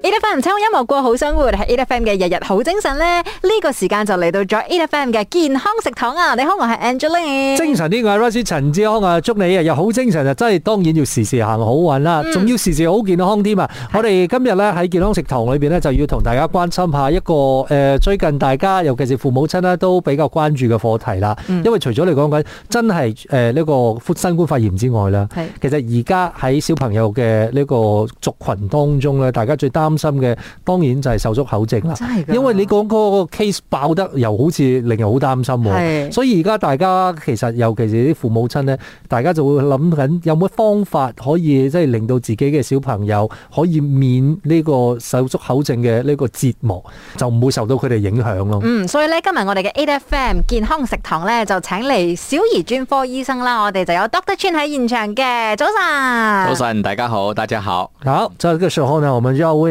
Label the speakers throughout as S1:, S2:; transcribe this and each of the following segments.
S1: e i FM 青音樂過好生活係 e i FM 嘅日日好精神咧，呢、呢個時間就嚟到咗 e i FM 嘅健康食堂啊！你好，我係 Angeline，精
S2: 神啲嘅，Rushie 陳志康啊，祝你啊又好精神啊，真係當然要時時行好運啦，仲、嗯、要時時好健康添啊！我哋今日咧喺健康食堂裏邊咧，就要同大家關心一下一個誒、呃，最近大家尤其是父母親呢都比較關注嘅課題啦、嗯。因為除咗你講緊真係誒呢個新冠肺炎之外啦，其實而家喺小朋友嘅呢個族群當中咧，大家最擔。擔心嘅，當然就係手足口症啦。因為你講嗰個 case 爆得，又好似令人好擔心。所以而家大家其實尤其是啲父母親呢，大家就會諗緊有乜方法可以即係、就是、令到自己嘅小朋友可以免呢個手足口症嘅呢個折磨，就唔會受到佢哋影響咯。嗯，
S1: 所以呢，今日我哋嘅 8FM 健康食堂呢，就請嚟小兒專科醫生啦，我哋就有 Doctor Chin 喺現場嘅。早晨，早
S3: 晨，大家好，大家好。
S2: 好，這個時候呢，我們就要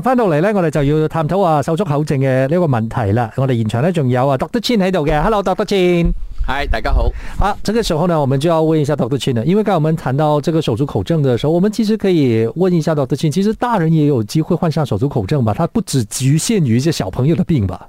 S2: 翻到嚟咧、啊，我哋就要探討下手足口症嘅呢個問題啦。我哋現場咧仲有啊 doctor Chin 喺度嘅，Hello，doctor Chin 係，Dr. Chin Hello,
S3: Dr. Chin Hi, 大家好。
S2: 啊，喺、這、呢個時候呢，我們就要問一下 doctor Chin 因為剛才我們談到這個手足口症嘅時候，我們其實可以問一下 doctor Chin 其實大人也有機會患上手足口症吧？它不止局限於一些小朋友的病吧？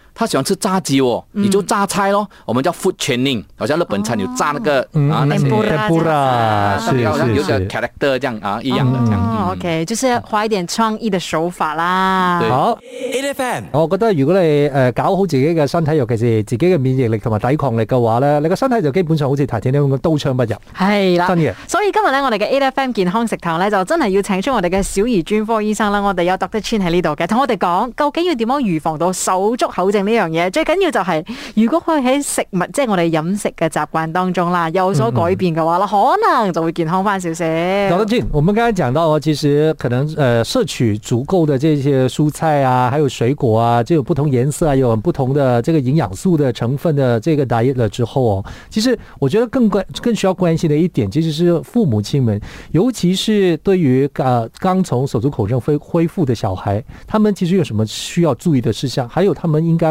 S3: 他喜歡吃炸雞、哦、你就炸菜咯、嗯。我們叫 food training，好像日本菜有炸那個、哦、啊，那些 tempura、嗯、有點 character，這樣一樣是是、嗯嗯、
S1: OK，就是花一點創意的手法啦。好，AFM，
S2: 我覺得如果你誒、呃、搞好自己嘅身體，尤其是自己嘅免疫力同埋抵抗力嘅話咧，你個身體就基本上好似 Titanic 咁刀槍不入。
S1: 係啦，真嘅。所以今日咧，我哋嘅 AFM 健康食堂咧，就真係要請出我哋嘅小兒專科醫生啦。我哋有 doctor Chin 喺呢度嘅，同我哋講究竟要點樣預防到手足口呢樣嘢最緊要就係，如果可以喺食物，即係我哋飲食嘅習慣當中啦，有所改變嘅話，嗯嗯，可能就會健康翻少少。Dr.
S2: Chin, 我們剛才講到哦，其實可能、呃、攝取足夠的這些蔬菜啊，還有水果啊，就有不同顏色啊，有不同的這個營養素的成分的這個 diet 了之後哦、啊，其實我覺得更關更需要關心的一點，其實是父母親們，尤其是對於、呃、剛從手足口症恢恢復的小孩，他們其實有什麼需要注意的事項，還有他們應該。